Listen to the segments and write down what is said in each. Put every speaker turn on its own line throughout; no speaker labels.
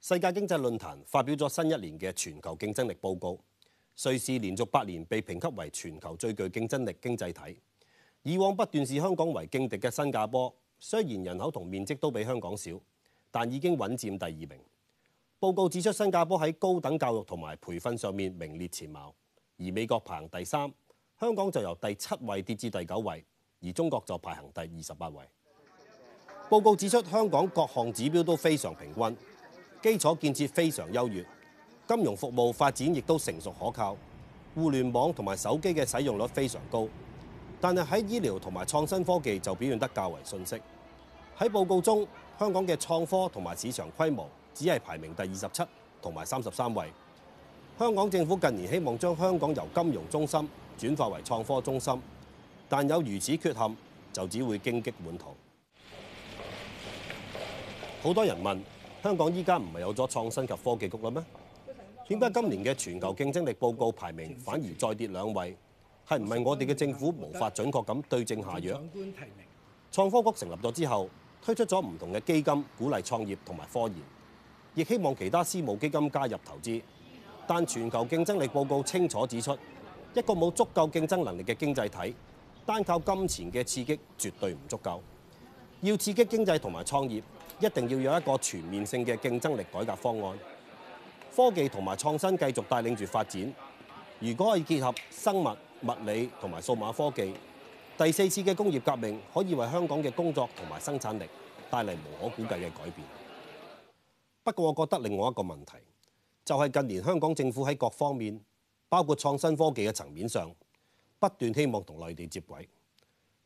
世界經濟論壇發表咗新一年嘅全球競爭力報告，瑞士連續八年被評級為全球最具競爭力經濟體。以往不斷視香港為勁敵嘅新加坡，雖然人口同面積都比香港少，但已經穩佔第二名。報告指出，新加坡喺高等教育同埋培訓上面名列前茅，而美國排行第三。香港就由第七位跌至第九位，而中國就排行第二十八位。報告指出，香港各項指標都非常平均，基礎建設非常優越，金融服務發展亦都成熟可靠，互聯網同埋手機嘅使用率非常高。但係喺醫療同埋創新科技就表現得較為遜色。喺報告中，香港嘅創科同埋市場規模只係排名第二十七同埋三十三位。香港政府近年希望將香港由金融中心轉化為創科中心，但有如此缺陷，就只會荊棘滿途。好多人問：香港依家唔係有咗創新及科技局啦咩？點解今年嘅全球競爭力報告排名反而再跌兩位？係唔係我哋嘅政府無法準確咁對症下藥？創科局成立咗之後，推出咗唔同嘅基金，鼓勵創業同埋科研，亦希望其他私募基金加入投資。但全球競爭力報告清楚指出，一個冇足夠競爭能力嘅經濟體，單靠金錢嘅刺激絕對唔足夠。要刺激經濟同埋創業，一定要有一個全面性嘅競爭力改革方案。科技同埋創新繼續帶領住發展。如果可以結合生物、物理同埋數碼科技，第四次嘅工業革命可以為香港嘅工作同埋生產力帶嚟無可估計嘅改變。不過，我覺得另外一個問題就係近年香港政府喺各方面。包括創新科技嘅層面上，不斷希望同內地接軌。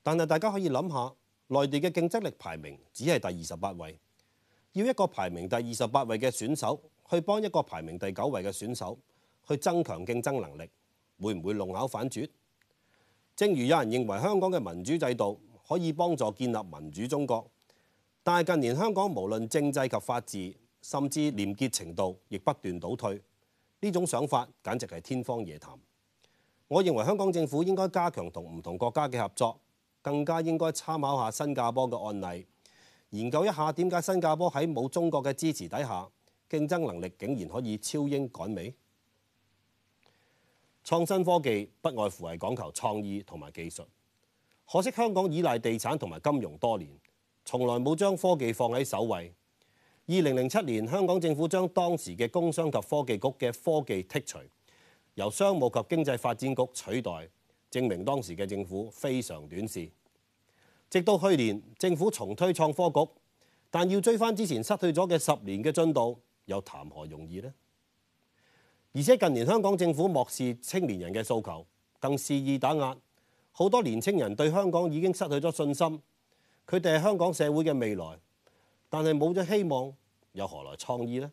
但係大家可以諗下，內地嘅競爭力排名只係第二十八位，要一個排名第二十八位嘅選手去幫一個排名第九位嘅選手去增強競爭能力，會唔會弄巧反拙？正如有人認為香港嘅民主制度可以幫助建立民主中國，但係近年香港無論政制及法治，甚至廉潔程度，亦不斷倒退。呢種想法簡直係天方夜譚。我認為香港政府應該加強同唔同國家嘅合作，更加應該參考下新加坡嘅案例，研究一下點解新加坡喺冇中國嘅支持底下，競爭能力竟然可以超英趕美。創新科技不外乎係講求創意同埋技術，可惜香港依賴地產同埋金融多年，從來冇將科技放喺首位。二零零七年，香港政府將當時嘅工商及科技局嘅科技剔除，由商務及經濟發展局取代，證明當時嘅政府非常短視。直到去年，政府重推創科局，但要追翻之前失去咗嘅十年嘅進度，又談何容易呢？而且近年香港政府漠視青年人嘅訴求，更肆意打壓，好多年青人對香港已經失去咗信心，佢哋係香港社會嘅未來，但係冇咗希望。又何來創意呢？